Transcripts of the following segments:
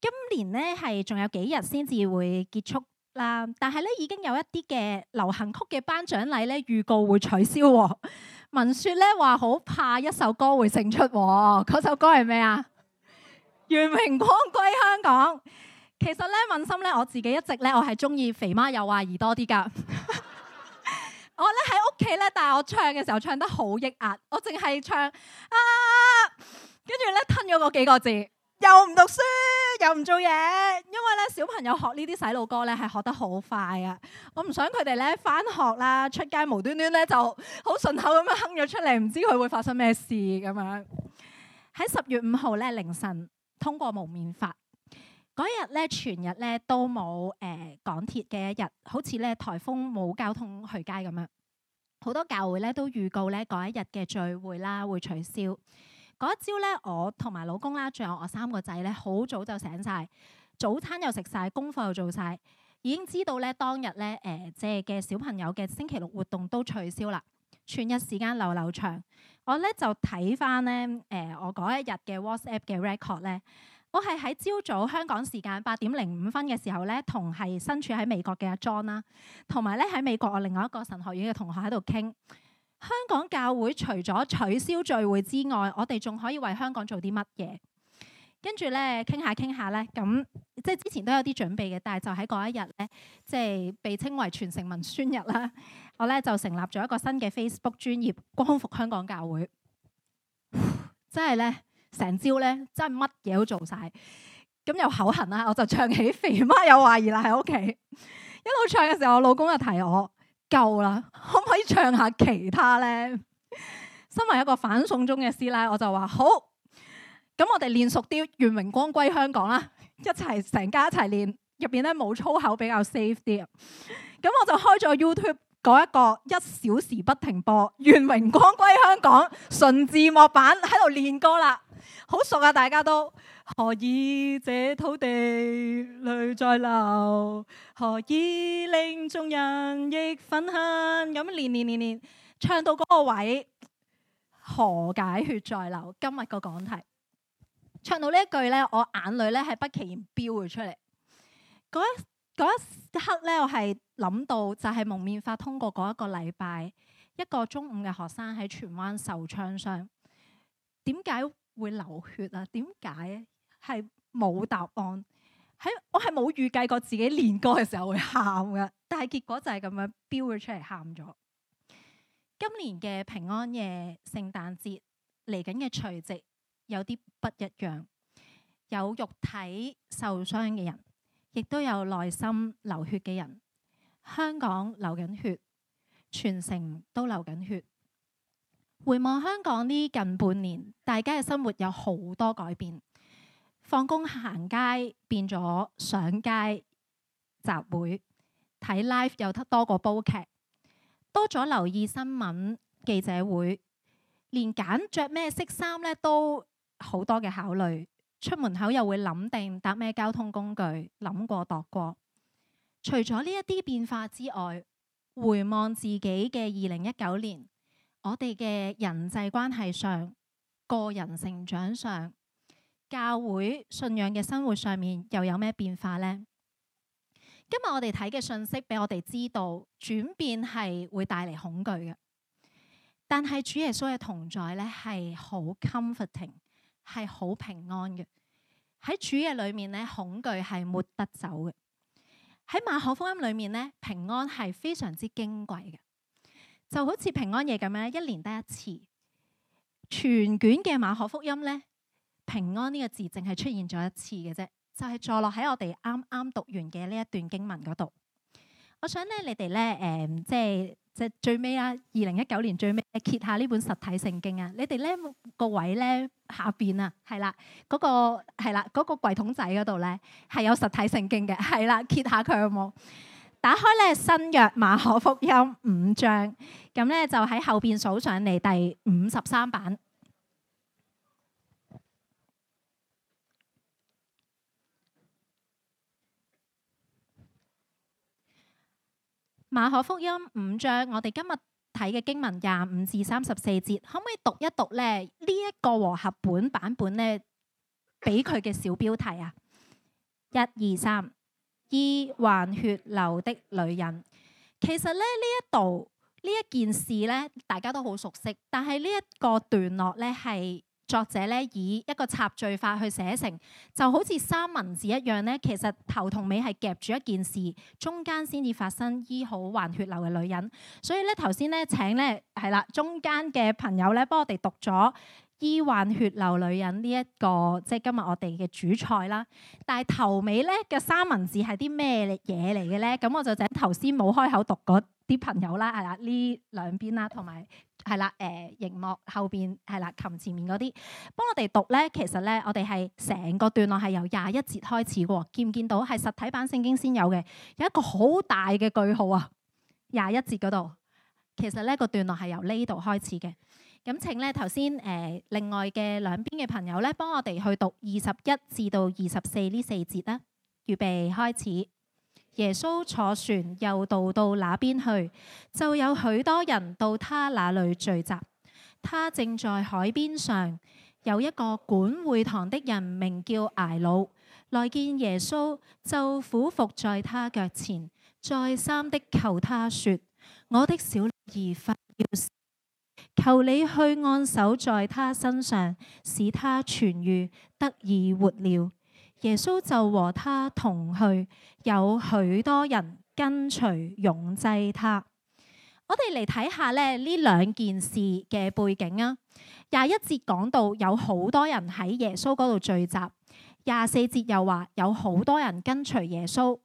今年呢，係仲有幾日先至會結束啦，但係呢，已經有一啲嘅流行曲嘅頒獎禮呢，預告會取消，哦。文雪呢話好怕一首歌會勝出，哦，嗰首歌係咩啊？願榮光歸香港。其實呢，文心呢，我自己一直呢，我係中意肥媽又話兒多啲噶。 我呢，喺屋企呢，但係我唱嘅時候唱得好抑壓，我淨係唱啊。跟住咧吞咗嗰幾個字，又唔讀書，又唔做嘢，因為咧小朋友學呢啲洗腦歌咧係學得好快啊！我唔想佢哋咧返學啦，出街無端端咧就好順口咁樣哼咗出嚟，唔知佢會發生咩事咁樣。喺十 月五號咧凌晨通過蒙面法嗰日咧，全日咧都冇誒、呃、港鐵嘅一日，好似咧台風冇交通去街咁樣。好多教會咧都預告咧嗰一日嘅聚會啦會取消。嗰一朝咧，我同埋老公啦，仲有我三個仔咧，好早就醒晒，早餐又食晒，功課又做晒。已經知道咧當日咧誒即係嘅小朋友嘅星期六活動都取消啦，全日時間流流長。我咧就睇翻咧誒我嗰一日嘅 WhatsApp 嘅 record 咧，我係喺朝早香港時間八點零五分嘅時候咧，同係身處喺美國嘅阿 John 啦，同埋咧喺美國我另外一個神學院嘅同學喺度傾。香港教會除咗取消聚會之外，我哋仲可以為香港做啲乜嘢？跟住咧，傾下傾下咧，咁即係之前都有啲準備嘅，但係就喺嗰一日咧，即係被稱為全城文宣日啦。我咧就成立咗一個新嘅 Facebook 專頁，光復香港教會。真係咧，成朝咧，真係乜嘢都做晒。咁又口痕啦，我就唱起肥媽《肥媽又懷疑啦》，喺屋企一路唱嘅時候，我老公又提我。夠啦，可唔可以唱下其他呢？身為一個反送中嘅師奶，我就話好，咁我哋練熟啲《願榮光歸香港》啦，一齊成家一齊練，入邊咧冇粗口比較 safe 啲。咁我就開咗 YouTube 嗰一個一小時不停播《願榮光歸香港》純字幕版喺度練歌啦，好熟啊，大家都。何以這土地淚在流？何以令眾人亦憤恨？咁連連連連，唱到嗰個位，何解血在流？今日個講題，唱到呢一句呢，我眼淚呢係不期然飆咗出嚟。嗰一,一刻呢，我係諗到就係蒙面法通過嗰一個禮拜，一個中五嘅學生喺荃灣受槍傷，點解會流血啊？點解？係冇答案，喺我係冇預計過自己練歌嘅時候會喊㗎，但係結果就係咁樣飆咗出嚟，喊咗。今年嘅平安夜、聖誕節嚟緊嘅除夕有啲不一樣，有肉體受傷嘅人，亦都有內心流血嘅人。香港流緊血，全城都流緊血。回望香港呢近半年，大家嘅生活有好多改變。放工行街變咗上街集會，睇 live 又得多過煲劇，多咗留意新聞記者會，連揀着咩色衫呢都好多嘅考慮。出門口又會諗定搭咩交通工具，諗過度過。除咗呢一啲變化之外，回望自己嘅二零一九年，我哋嘅人際關係上、個人成長上。教會信仰嘅生活上面又有咩變化呢？今日我哋睇嘅信息俾我哋知道，轉變係會帶嚟恐懼嘅。但係主耶穌嘅同在呢，係好 comforting，係好平安嘅。喺主嘅裏面呢，恐懼係沒得走嘅。喺馬可福音裏面呢，平安係非常之矜貴嘅。就好似平安夜咁樣，一年得一次。全卷嘅馬可福音呢。平安呢個字淨係出現咗一次嘅啫，就係坐落喺我哋啱啱讀完嘅呢一段經文嗰度。我想咧，你哋咧，誒、嗯，即係即係最尾啦，二零一九年最尾揭下呢本實體聖經啊！你哋咧個位咧下邊啊，係啦，嗰個係啦，嗰個櫃桶仔嗰度咧係有實體聖經嘅，係啦，揭下佢好冇？打開咧新約馬可福音五章，咁咧就喺後邊數上嚟第五十三版。馬可福音五章，我哋今日睇嘅經文廿五至三十四節，可唔可以讀一讀呢？呢一個和合本版本咧，俾佢嘅小標題啊，一二三，醫患血流的女人。其實咧，呢一度呢一件事咧，大家都好熟悉，但係呢一個段落呢係。作者咧以一個插敘法去寫成，就好似三文治一樣咧。其實頭同尾係夾住一件事，中間先至發生醫好患血漏嘅女人。所以咧，頭先咧請咧係啦，中間嘅朋友咧幫我哋讀咗醫患血漏女人呢一個，即係今日我哋嘅主菜啦。但係頭尾咧嘅三文治係啲咩嘢嚟嘅咧？咁我就請頭先冇開口讀嗰啲朋友啦，係啊，呢兩邊啦，同埋。係啦，誒熒幕後邊，係啦琴前面嗰啲，幫我哋讀呢，其實呢，我哋係成個段落係由廿一節開始嘅，哦，見唔見到？係實體版聖經先有嘅，有一個好大嘅句號啊！廿一節嗰度，其實呢個段落係由呢度開始嘅。咁請呢頭先誒另外嘅兩邊嘅朋友呢，幫我哋去讀二十一至到二十四呢四節啦。預備開始。耶穌坐船又渡到那邊去，就有許多人到他那裏聚集。他正在海邊上，有一個管會堂的人名叫睚魯，來見耶穌，就俯伏在他腳前，再三的求他說：我的小兒快要死了，求你去按手在他身上，使他痊愈，得以活了。耶穌就和他同去，有許多人跟隨擁擠他。我哋嚟睇下咧，呢兩件事嘅背景啊。廿一節講到有好多人喺耶穌嗰度聚集，廿四節又話有好多人跟隨耶穌。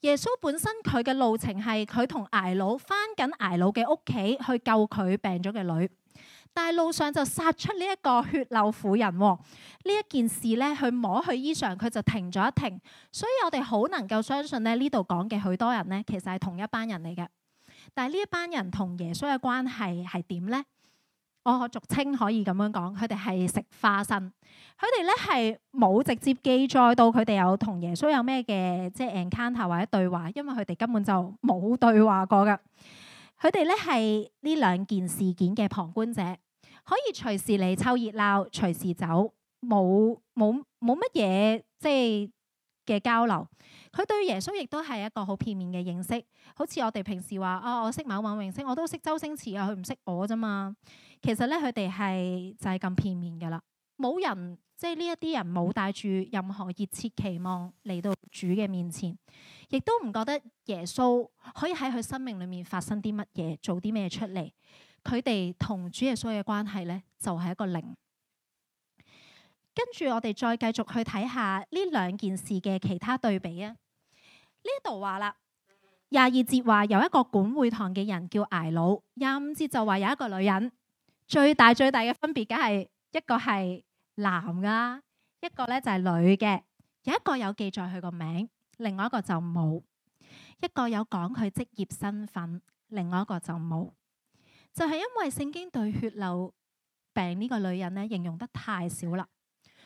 耶穌本身佢嘅路程係佢同睚魯返緊睚魯嘅屋企去救佢病咗嘅女。但係路上就殺出呢一個血漏婦人喎、哦，呢一件事咧，去摸佢衣裳，佢就停咗一停。所以我哋好能夠相信咧，呢度講嘅許多人咧，其實係同一班人嚟嘅。但係呢一班人同耶穌嘅關係係點呢？我可俗稱可以咁樣講，佢哋係食花生。佢哋咧係冇直接記載到佢哋有同耶穌有咩嘅即係 encounter 或者對話，因為佢哋根本就冇對話過㗎。佢哋咧係呢兩件事件嘅旁觀者，可以隨時嚟湊熱鬧，隨時走，冇冇冇乜嘢即係嘅交流。佢對耶穌亦都係一個好片面嘅認識，好似我哋平時話啊、哦，我識某某明星，我都識周星馳啊，佢唔識我啫嘛。其實咧，佢哋係就係、是、咁片面噶啦，冇人。即係呢一啲人冇帶住任何熱切期望嚟到主嘅面前，亦都唔覺得耶穌可以喺佢生命裏面發生啲乜嘢，做啲咩出嚟。佢哋同主耶穌嘅關係呢，就係一個零。跟住我哋再繼續去睇下呢兩件事嘅其他對比啊。呢度話啦廿二節話有一個管會堂嘅人叫睚魯，廿五節就話有一個女人。最大最大嘅分別，梗係一個係。男噶，一個咧就係女嘅。有一個有記載佢個名，另外一個就冇；一個有講佢職業身份，另外一個就冇。就係因為聖經對血流病呢個女人呢形容得太少啦，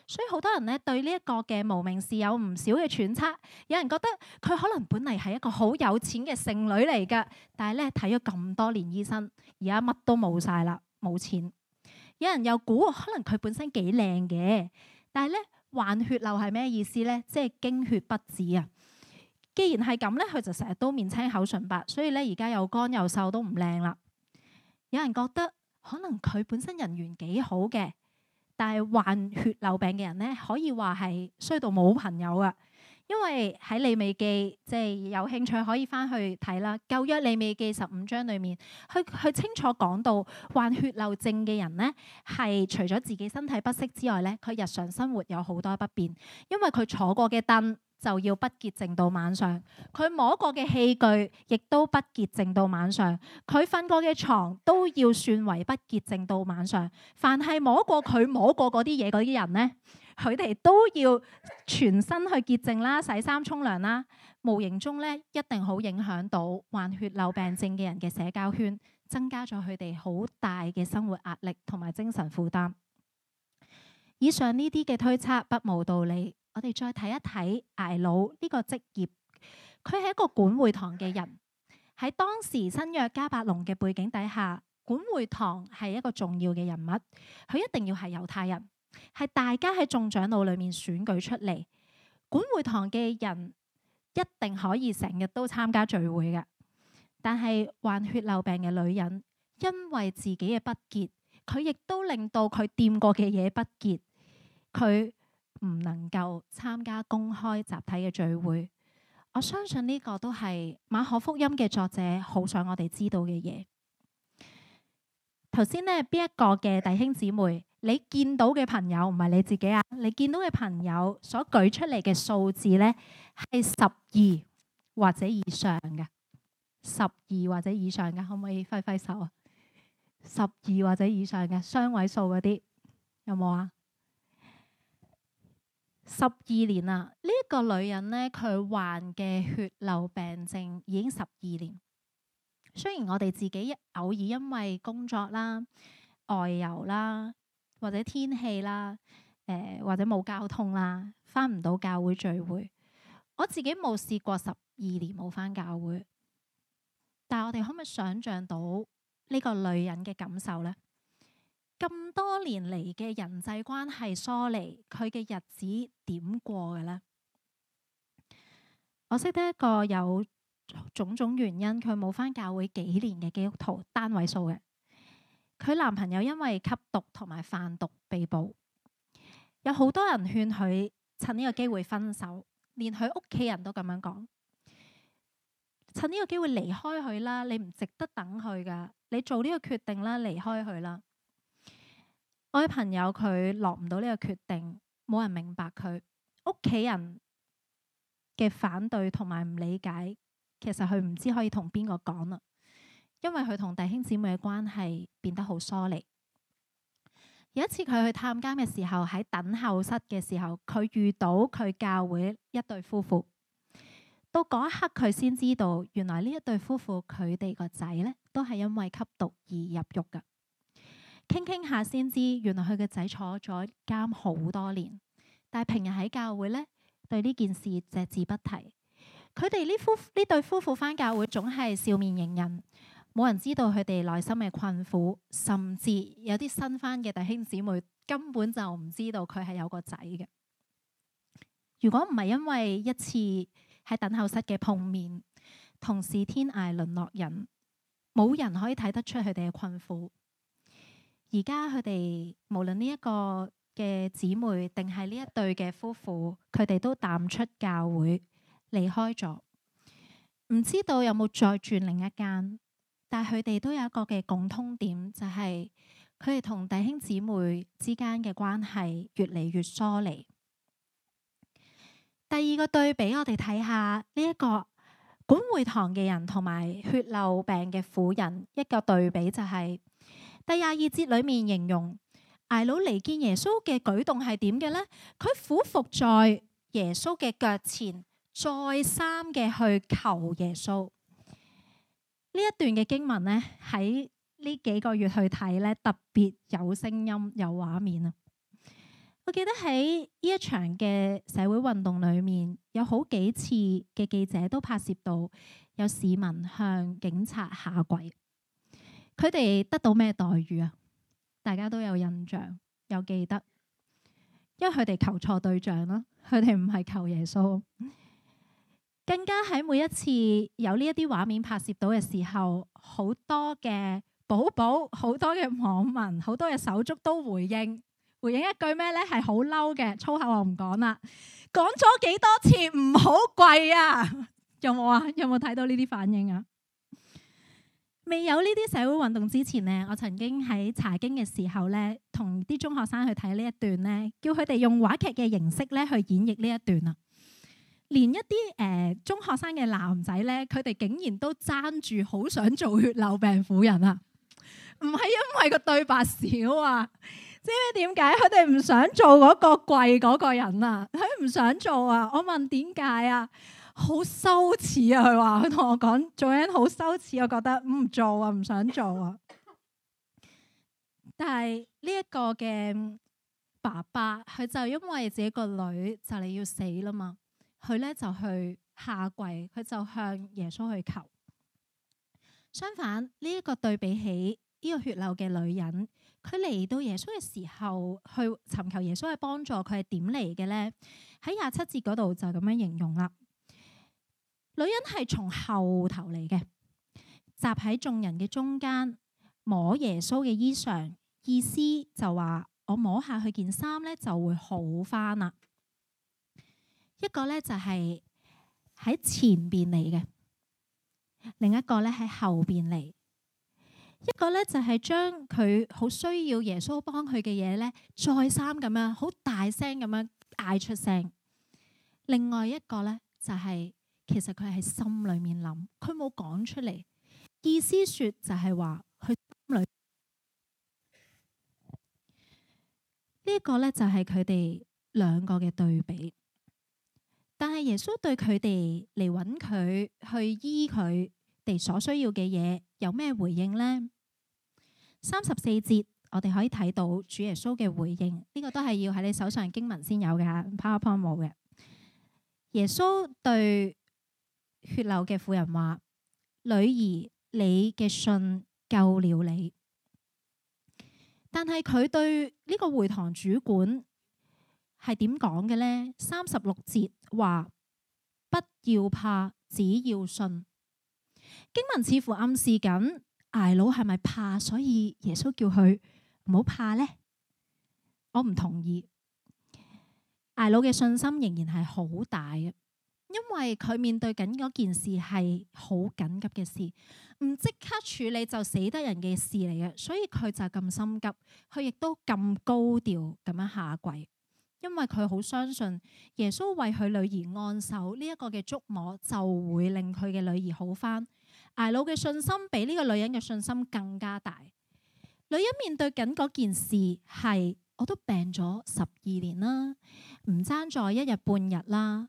所以好多人呢對呢一個嘅無名氏有唔少嘅揣測。有人覺得佢可能本嚟係一個好有錢嘅剩女嚟噶，但係呢睇咗咁多年醫生，而家乜都冇晒啦，冇錢。有人又估可能佢本身幾靚嘅，但係咧，患血漏係咩意思咧？即係經血不止啊！既然係咁咧，佢就成日都面青口唇白，所以咧而家又乾又瘦都唔靚啦。有人覺得可能佢本身人緣幾好嘅，但係患血漏病嘅人咧，可以話係衰到冇朋友啊！因為喺《利未記》，即係有興趣可以翻去睇啦，《舊約》《利未記》十五章裏面，佢佢清楚講到，患血漏症嘅人呢，係除咗自己身體不適之外呢，佢日常生活有好多不便，因為佢坐過嘅凳，就要不潔淨到晚上，佢摸過嘅器具亦都不潔淨到晚上，佢瞓過嘅床都要算為不潔淨到晚上。凡係摸過佢摸過嗰啲嘢嗰啲人咧，佢哋都要全身去潔淨啦、洗衫沖涼啦。無形中咧，一定好影響到患血漏病症嘅人嘅社交圈，增加咗佢哋好大嘅生活壓力同埋精神負擔。以上呢啲嘅推測不無道理。我哋再睇一睇睚魯呢個職業，佢係一個管會堂嘅人。喺當時新約迦百農嘅背景底下，管會堂係一個重要嘅人物。佢一定要係猶太人，係大家喺眾長老裏面選舉出嚟。管會堂嘅人一定可以成日都參加聚會嘅。但係患血漏病嘅女人，因為自己嘅不潔，佢亦都令到佢掂過嘅嘢不潔，佢。唔能夠參加公開集體嘅聚會，我相信呢個都係馬可福音嘅作者好想我哋知道嘅嘢。頭先呢邊一個嘅弟兄姊妹，你見到嘅朋友唔係你自己啊？你見到嘅朋友所舉出嚟嘅數字呢，係十二或者以上嘅，十二或者以上嘅，可唔可以揮揮手啊？十二或者以上嘅雙位數嗰啲，有冇啊？十二年啦，呢、這、一個女人呢，佢患嘅血流病症已經十二年。雖然我哋自己偶爾因為工作啦、外遊啦、或者天氣啦、呃、或者冇交通啦，返唔到教會聚會，我自己冇試過十二年冇返教會，但係我哋可唔可以想像到呢個女人嘅感受呢？咁多年嚟嘅人際關係疏離，佢嘅日子點過嘅呢？我識得一個有種種原因，佢冇返教會幾年嘅基督徒，單位數嘅。佢男朋友因為吸毒同埋販毒被捕，有好多人勸佢趁呢個機會分手，連佢屋企人都咁樣講，趁呢個機會離開佢啦，你唔值得等佢㗎，你做呢個決定啦，離開佢啦。我嘅朋友佢落唔到呢個決定，冇人明白佢，屋企人嘅反對同埋唔理解，其實佢唔知可以同邊個講啦，因為佢同弟兄姊妹嘅關係變得好疏離。有一次佢去探監嘅時候，喺等候室嘅時候，佢遇到佢教會一對夫婦。到嗰一刻佢先知道，原來呢一對夫婦佢哋個仔呢，都係因為吸毒而入獄噶傾傾下先知，原來佢嘅仔坐咗監好多年，但係平日喺教會呢，對呢件事只字不提。佢哋呢夫呢對夫婦返教會，總係笑面迎人，冇人知道佢哋內心嘅困苦，甚至有啲新返嘅弟兄姊妹根本就唔知道佢係有個仔嘅。如果唔係因為一次喺等候室嘅碰面，同是天涯淪落人，冇人可以睇得出佢哋嘅困苦。而家佢哋無論呢一個嘅姊妹定係呢一對嘅夫婦，佢哋都淡出教會，離開咗。唔知道有冇再轉另一間？但係佢哋都有一個嘅共通點，就係佢哋同弟兄姊妹之間嘅關係越嚟越疏離。第二個對比，我哋睇下呢一個管會堂嘅人同埋血漏病嘅婦人一個對比，就是，就係。第廿二節裏面形容睚魯嚟見耶穌嘅舉動係點嘅呢？佢俯伏在耶穌嘅腳前，再三嘅去求耶穌。呢一段嘅經文呢，喺呢幾個月去睇呢，特別有聲音、有畫面啊！我記得喺呢一場嘅社會運動裏面，有好幾次嘅記者都拍攝到有市民向警察下跪。佢哋得到咩待遇啊？大家都有印象，有記得，因為佢哋求錯對象啦，佢哋唔係求耶穌，更加喺每一次有呢一啲畫面拍攝到嘅時候，好多嘅寶寶，好多嘅網民，好多嘅手足都回應，回應一句咩呢？係好嬲嘅，粗口我唔講啦，講咗幾多次唔好跪啊？有冇啊？有冇睇到呢啲反應啊？未有呢啲社會運動之前咧，我曾經喺查經嘅時候咧，同啲中學生去睇呢一段咧，叫佢哋用話劇嘅形式咧去演繹呢一段啦。連一啲誒、呃、中學生嘅男仔咧，佢哋竟然都爭住好想做血流病婦人啊！唔係因為個對白少啊，知唔知點解？佢哋唔想做嗰個跪嗰個人啊，佢唔想做啊！我問點解啊？好羞恥啊！佢話佢同我講做嘢好羞恥，我覺得唔、嗯、做啊，唔想做啊。 但係呢一個嘅爸爸，佢就因為自己個女就嚟要死啦嘛，佢咧就去下跪，佢就向耶穌去求。相反呢一、這個對比起呢個血流嘅女人，佢嚟到耶穌嘅時候去尋求耶穌嘅幫助，佢係點嚟嘅呢？喺廿七節嗰度就咁樣形容啦。女人係從後頭嚟嘅，集喺眾人嘅中間摸耶穌嘅衣裳，意思就話我摸下佢件衫呢，就會好翻啦。一個呢，就係喺前邊嚟嘅，另一個呢，喺後邊嚟。一個呢，就係將佢好需要耶穌幫佢嘅嘢呢，再三咁樣好大聲咁樣嗌出聲。另外一個呢，就係、是。其實佢喺心裏面諗，佢冇講出嚟，意思說就係話佢心裏呢一、這個呢，就係佢哋兩個嘅對比。但係耶穌對佢哋嚟揾佢去醫佢哋所需要嘅嘢，有咩回應呢？三十四節，我哋可以睇到主耶穌嘅回應，呢、這個都係要喺你手上經文先有嘅，PowerPoint 冇嘅。耶穌對。血流嘅婦人話：女兒，你嘅信救了你。但係佢對呢個會堂主管係點講嘅呢？三十六節話：不要怕，只要信。經文似乎暗示緊，睚魯係咪怕，所以耶穌叫佢唔好怕呢？我唔同意。睚魯嘅信心仍然係好大嘅。因為佢面對緊嗰件事係好緊急嘅事，唔即刻處理就死得人嘅事嚟嘅，所以佢就咁心急，佢亦都咁高調咁樣下跪，因為佢好相信耶穌為佢女兒按手呢一個嘅觸摸就會令佢嘅女兒好翻。睚魯嘅信心比呢個女人嘅信心更加大。女人面對緊嗰件事係，我都病咗十二年啦，唔爭再一日半日啦。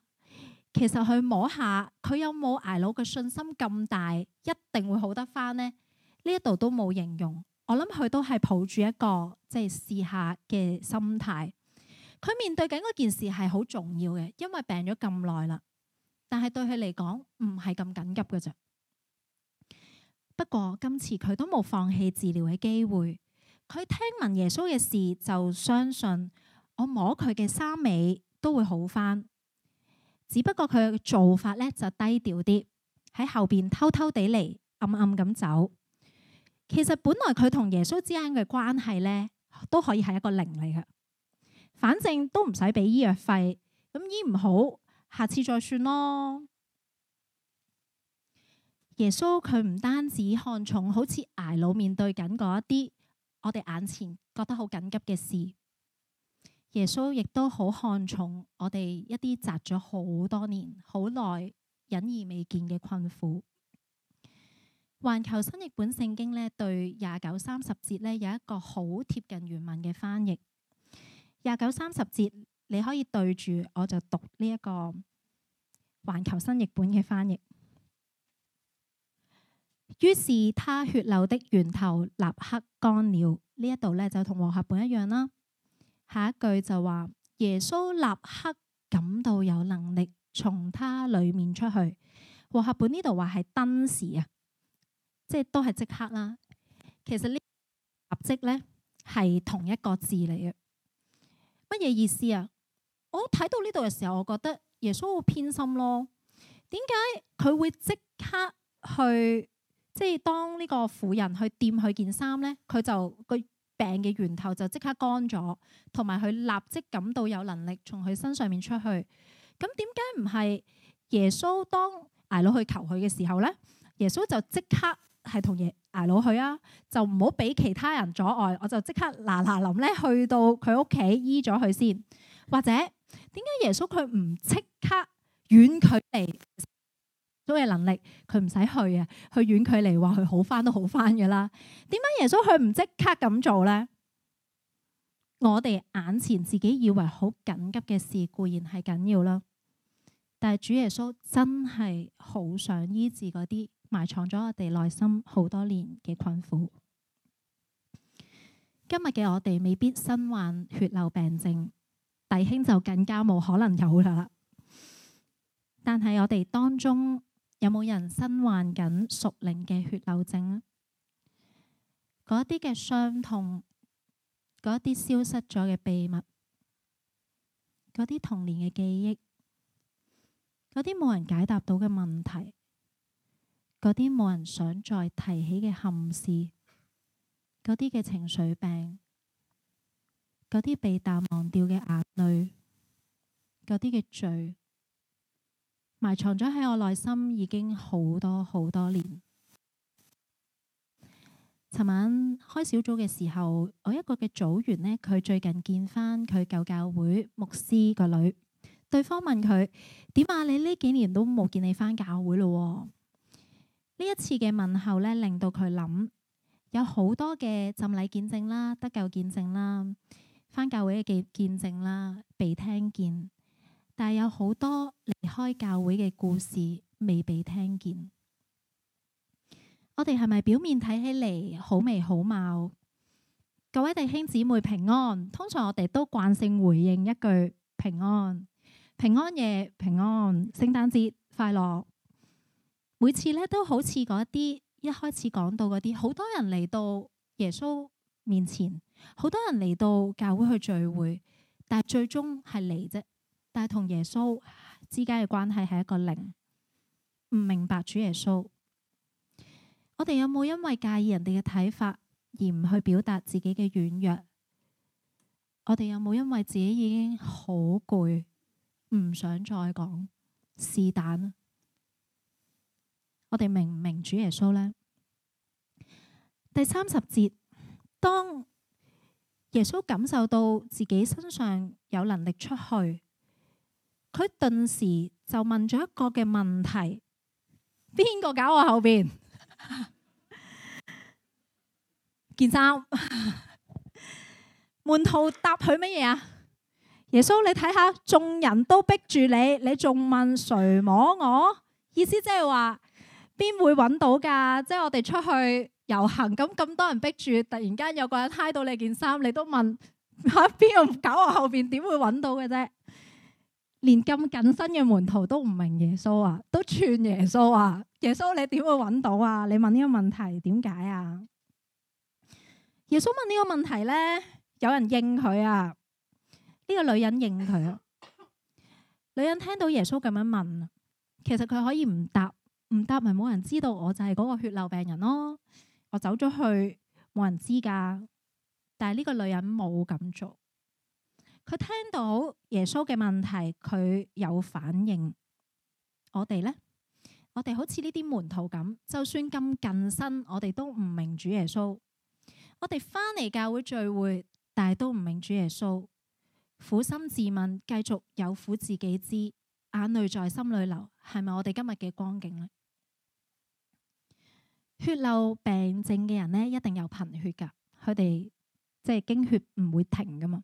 其實佢摸下佢有冇捱老嘅信心咁大，一定會好得翻呢？呢一度都冇形容，我諗佢都係抱住一個即係試下嘅心態。佢面對緊嗰件事係好重要嘅，因為病咗咁耐啦。但係對佢嚟講唔係咁緊急㗎咋。不過今次佢都冇放棄治療嘅機會。佢聽聞耶穌嘅事就相信，我摸佢嘅衫尾都會好翻。只不過佢嘅做法呢，就低調啲，喺後邊偷偷地嚟，暗暗咁走。其實本來佢同耶穌之間嘅關係呢，都可以係一個零嚟嘅，反正都唔使俾醫藥費，咁醫唔好，下次再算咯。耶穌佢唔單止看重好似睚魯面對緊嗰一啲，我哋眼前覺得好緊急嘅事。耶穌亦都好看重我哋一啲積咗好多年、好耐隱而未見嘅困苦。環球新譯本聖經咧，對廿九三十節咧，有一個好貼近原文嘅翻譯。廿九三十節，你可以對住我就讀呢、這、一個環球新譯本嘅翻譯。於是他血流的源頭立刻乾了。呢一度呢，就同和合本一樣啦。下一句就話耶穌立刻感到有能力從他裏面出去。和合本呢度話係登時啊，即係都係即刻啦。其實立呢、立即呢係同一個字嚟嘅，乜嘢意思啊？我睇到呢度嘅時候，我覺得耶穌好偏心咯。點解佢會即刻去即係當呢個婦人去掂佢件衫呢，佢就病嘅源頭就即刻乾咗，同埋佢立即感到有能力從佢身上面出去。咁點解唔係耶穌當挨佬去求佢嘅時候呢？耶穌就即刻係同耶挨佬去啊，就唔好俾其他人阻礙，我就即刻嗱嗱臨咧去到佢屋企醫咗佢先。或者點解耶穌佢唔即刻遠距離？都係能力，佢唔使去啊，去遠距離話佢好翻都好翻噶啦。點解耶穌佢唔即刻咁做呢？我哋眼前自己以為好緊急嘅事固然係緊要啦，但係主耶穌真係好想醫治嗰啲埋藏咗我哋內心好多年嘅困苦。今日嘅我哋未必身患血流病症，弟兄就更加冇可能有啦。但係我哋當中，有冇人身患緊屬靈嘅血漏症咧？嗰啲嘅傷痛，嗰啲消失咗嘅秘密，嗰啲童年嘅記憶，嗰啲冇人解答到嘅問題，嗰啲冇人想再提起嘅憾事，嗰啲嘅情緒病，嗰啲被淡忘掉嘅眼淚，嗰啲嘅罪。埋藏咗喺我內心已經好多好多年。尋晚開小組嘅時候，我一個嘅組員呢，佢最近見翻佢舊教會牧師個女，對方問佢：點啊？你呢幾年都冇見你翻教會咯，哦？呢一次嘅問候呢，令到佢諗有好多嘅浸禮見證啦，得救見證啦，翻教會嘅記見證啦，被聽見。但有好多離開教會嘅故事未被聽見。我哋係咪表面睇起嚟，好眉好貌？各位弟兄姊妹平安。通常我哋都慣性回應一句平安、平安夜、平安、聖誕節快樂。每次呢都好似嗰啲一開始講到嗰啲，好多人嚟到耶穌面前，好多人嚟到教會去聚會，但最終係嚟啫。但係同耶穌之間嘅關係係一個零，唔明白主耶穌。我哋有冇因為介意人哋嘅睇法而唔去表達自己嘅軟弱？我哋有冇因為自己已經好攰，唔想再講是但？我哋明唔明主耶穌呢？第三十節，當耶穌感受到自己身上有能力出去，佢頓時就問咗一個嘅問題：邊個搞我後邊？件衫門徒答佢乜嘢啊？耶穌，你睇下，眾人都逼住你，你仲問誰摸我？意思即係話邊會揾到噶？即係我哋出去遊行咁，咁多人逼住，突然間有個人揩到你件衫，你都問啊，邊個搞我後邊？點會揾到嘅啫？連咁緊身嘅門徒都唔明耶穌啊，都串耶穌啊！耶穌你點會揾到啊？你問呢個問題點解啊？耶穌問呢個問題呢，有人應佢啊！呢個女人應佢啊！女人聽到耶穌咁樣問，其實佢可以唔答，唔答咪冇人知道我，我就係嗰個血流病人咯。我走咗去，冇人知噶。但係呢個女人冇咁做。佢聽到耶穌嘅問題，佢有反應。我哋呢？我哋好似呢啲門徒咁，就算咁近身，我哋都唔明主耶穌。我哋返嚟教會聚會，但係都唔明主耶穌。苦心自問，繼續有苦自己知，眼淚在心裡流，係咪我哋今日嘅光景呢？血漏病症嘅人呢，一定有貧血噶，佢哋即係經血唔會停噶嘛。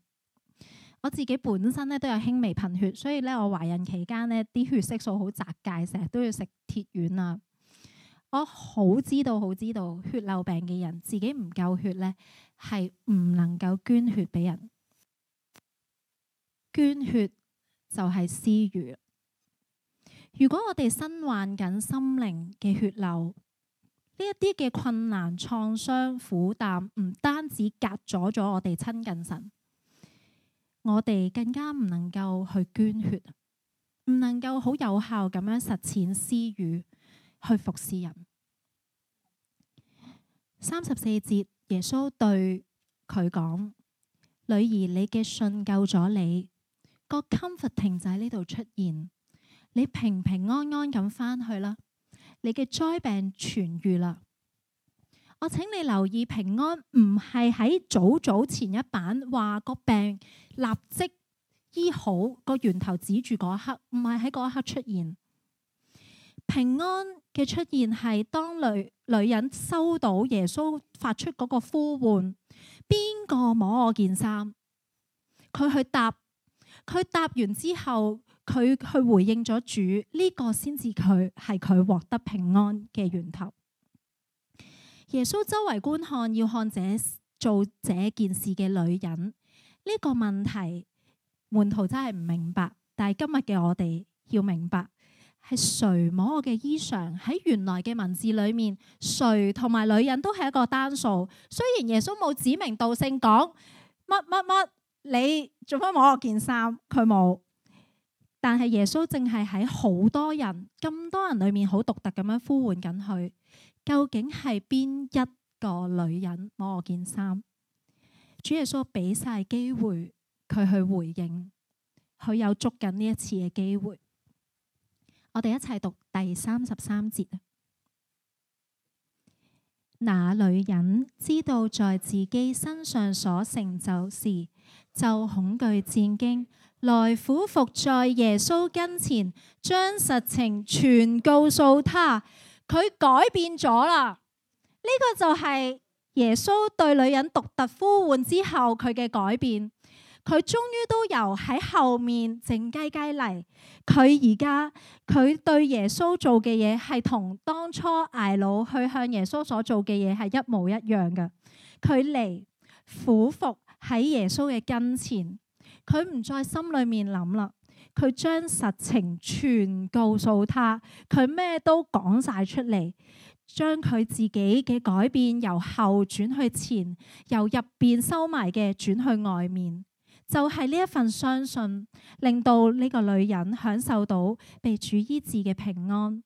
我自己本身咧都有輕微貧血，所以咧我懷孕期間咧啲血色素好窄界，成日都要食鐵丸啊！我好知道，好知道血漏病嘅人自己唔夠血咧，係唔能夠捐血俾人。捐血就係施予。如果我哋身患緊心靈嘅血漏，呢一啲嘅困難、創傷、苦擔，唔單止隔阻咗我哋親近神。我哋更加唔能夠去捐血，唔能夠好有效咁樣實踐施予去服侍人。三十四節，耶穌對佢講：女兒，你嘅信救咗你，個 comforting 就喺呢度出現，你平平安安咁翻去啦，你嘅災病痊愈啦。我請你留意，平安唔係喺早早前一版話個病立即醫好個源頭指住嗰刻，唔係喺嗰一刻出現。平安嘅出現係當女女人收到耶穌發出嗰個呼喚，邊個摸我件衫？佢去答，佢答完之後，佢去回應咗主，呢個先至佢係佢獲得平安嘅源頭。耶穌周圍觀看，要看這做這件事嘅女人。呢、這個問題，門徒真係唔明白。但係今日嘅我哋要明白，係誰摸我嘅衣裳？喺原來嘅文字裏面，誰同埋女人都係一個單數。雖然耶穌冇指名道姓講乜乜乜，你做乜摸我件衫，佢冇。但係耶穌淨係喺好多人咁多人裏面，好獨特咁樣呼喚緊佢。究竟係邊一個女人摸我件衫？主耶穌俾晒機會佢去回應，佢有捉緊呢一次嘅機會。我哋一齊讀第三十三節。那女人知道在自己身上所成就事，就恐懼戰驚，來俯伏在耶穌跟前，將實情全告訴他。佢改變咗啦，呢、這個就係耶穌對女人獨特呼喚之後佢嘅改變。佢終於都由喺後面靜雞雞嚟，佢而家佢對耶穌做嘅嘢係同當初睚魯去向耶穌所做嘅嘢係一模一樣嘅。佢嚟俯伏喺耶穌嘅跟前，佢唔再心裏面諗啦。佢將實情全告訴他，佢咩都講晒出嚟，將佢自己嘅改變由後轉去前，由入邊收埋嘅轉去外面，就係呢一份相信，令到呢個女人享受到被主醫治嘅平安，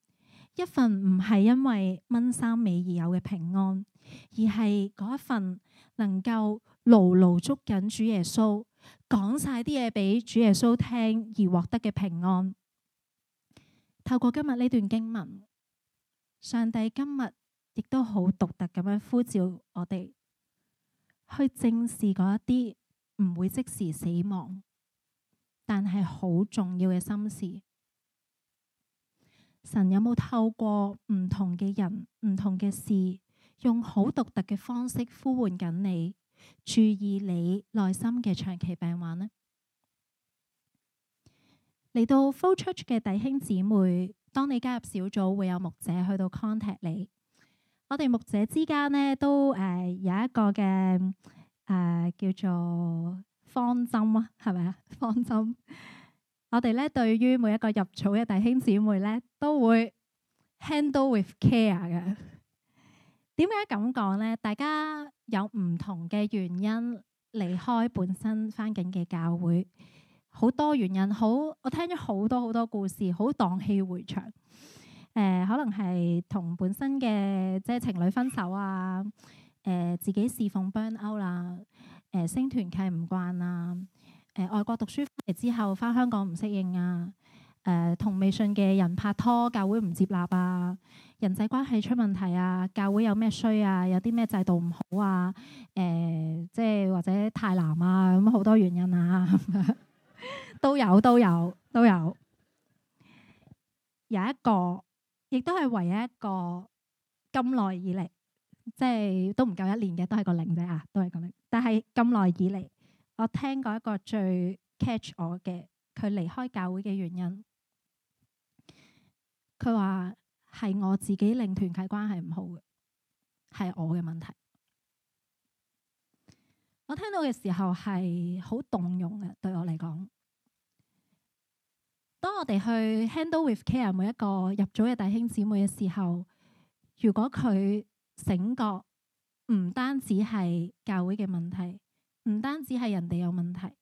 一份唔係因為蚊三尾而有嘅平安，而係嗰一份能夠牢牢捉緊主耶穌。講晒啲嘢俾主耶穌聽而獲得嘅平安，透過今日呢段經文，上帝今日亦都好獨特咁樣呼召我哋去正視嗰一啲唔會即時死亡，但係好重要嘅心事。神有冇透過唔同嘅人、唔同嘅事，用好獨特嘅方式呼喚緊你？注意你內心嘅長期病患咧，嚟到 flow church 嘅弟兄姊妹，當你加入小組，會有牧者去到 contact 你。我哋牧者之間呢，都誒有一個嘅誒、呃、叫做方針啊，係咪啊？方針， 我哋咧對於每一個入組嘅弟兄姊妹咧，都會 handle with care 嘅。點解咁講呢？大家有唔同嘅原因離開本身返緊嘅教會，好多原因，好，我聽咗好多好多故事，好蕩氣迴腸、呃。可能係同本身嘅即係情侶分手啊、呃，自己侍奉 burnout 啦，星、呃、升團契唔慣啊、呃，外國讀書嚟之後翻香港唔適應啊。誒同未信嘅人拍拖，教會唔接納啊，人際關係出問題啊，教會有咩衰啊？有啲咩制度唔好啊？誒、呃，即係或者太難啊。咁好多原因啊， 都有都有都有。有一個，亦都係唯一一個，咁耐以嚟，即係都唔夠一年嘅，都係個零仔啊，都係個零。但係咁耐以嚟，我聽過一個最 catch 我嘅，佢離開教會嘅原因。佢話係我自己令團體關係唔好嘅，係我嘅問題。我聽到嘅時候係好動容嘅，對我嚟講。當我哋去 handle with care 每一個入組嘅弟兄姊妹嘅時候，如果佢醒覺，唔單止係教會嘅問題，唔單止係人哋有問題，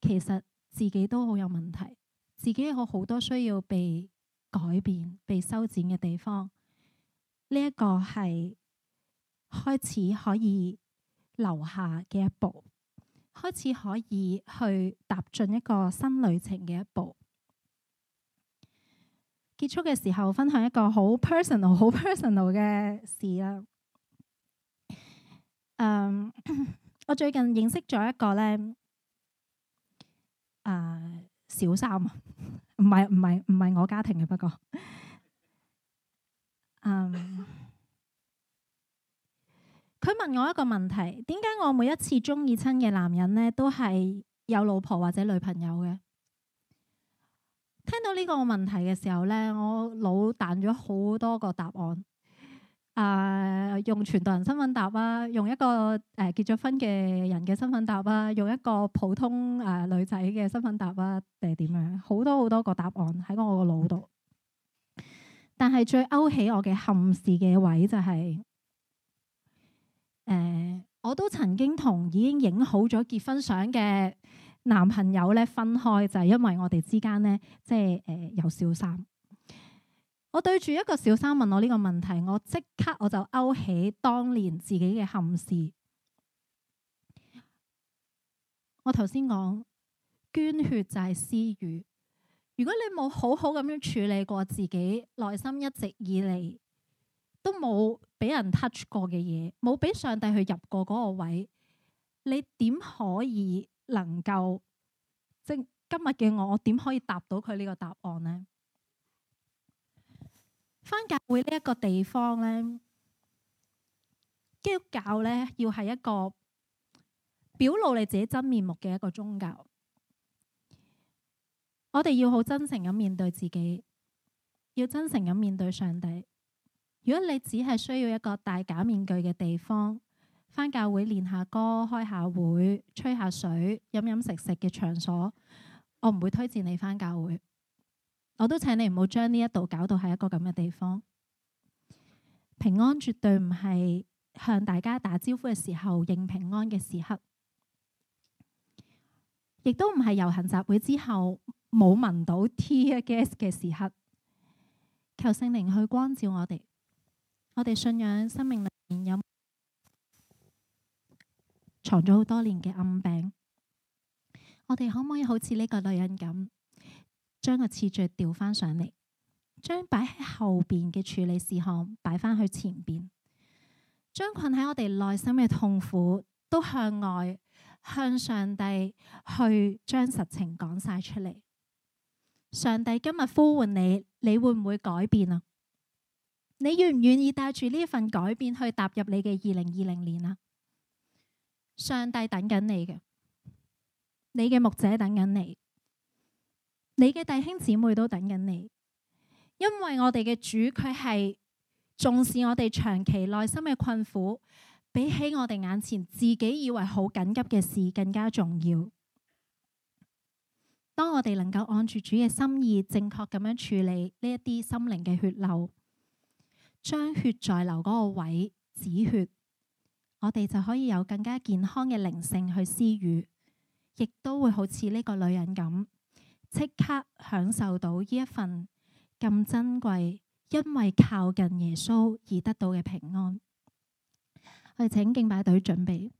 其實自己都好有問題，自己有好多需要被改變被修剪嘅地方，呢、呢、一個係開始可以留下嘅一步，開始可以去踏進一個新旅程嘅一步。結束嘅時候，分享一個好 personal，好 personal、好 personal 嘅事啦。我最近認識咗一個呢。Uh, 小三啊，唔係唔係唔係我家庭嘅，不過，嗯，佢問我一個問題，點解我每一次中意親嘅男人呢，都係有老婆或者女朋友嘅？聽到呢個問題嘅時候呢，我腦彈咗好多個答案。啊！Uh, 用傳道人身份答啊！用一個誒、呃、結咗婚嘅人嘅身份答啊！用一個普通誒、呃、女仔嘅身份答啊！定係點樣？好多好多個答案喺我個腦度。但係最勾起我嘅憾事嘅位就係、是、誒、呃，我都曾經同已經影好咗結婚相嘅男朋友咧分開，就係因為我哋之間咧即係誒有小三。我對住一個小三問我呢個問題，我即刻我就勾起當年自己嘅憾事。我頭先講捐血就係施予，如果你冇好好咁樣處理過自己內心一直以嚟都冇俾人 touch 過嘅嘢，冇俾上帝去入過嗰個位，你點可以能夠即今日嘅我，我點可以答到佢呢個答案呢？翻教會呢一個地方咧，基督教咧要係一個表露你自己真面目嘅一個宗教。我哋要好真誠咁面對自己，要真誠咁面對上帝。如果你只係需要一個戴假面具嘅地方，翻教會練下歌、開下會、吹下水、飲飲食食嘅場所，我唔會推薦你翻教會。我都請你唔好將呢一度搞到係一個咁嘅地方。平安絕對唔係向大家打招呼嘅時候認平安嘅時刻，亦都唔係遊行集會之後冇聞到 tear gas 嘅時刻。求聖靈去光照我哋，我哋信仰生命裏面有，有藏咗好多年嘅暗病，我哋可唔可以好似呢個女人咁？將個次序調翻上嚟，將擺喺後邊嘅處理事項擺翻去前邊，將困喺我哋內心嘅痛苦都向外向上帝去將實情講晒出嚟。上帝今日呼喚你，你會唔會改變啊？你願唔願意帶住呢份改變去踏入你嘅二零二零年啊？上帝等緊你嘅，你嘅牧者等緊你。你嘅弟兄姊妹都等緊你，因為我哋嘅主佢係重視我哋長期內心嘅困苦，比起我哋眼前自己以為好緊急嘅事更加重要。當我哋能夠按住主嘅心意，正確咁樣處理呢一啲心靈嘅血流，將血在流嗰個位止血，我哋就可以有更加健康嘅靈性去施予，亦都會好似呢個女人咁。即刻享受到呢一份咁珍貴，因為靠近耶穌而得到嘅平安。我哋請敬拜隊準備。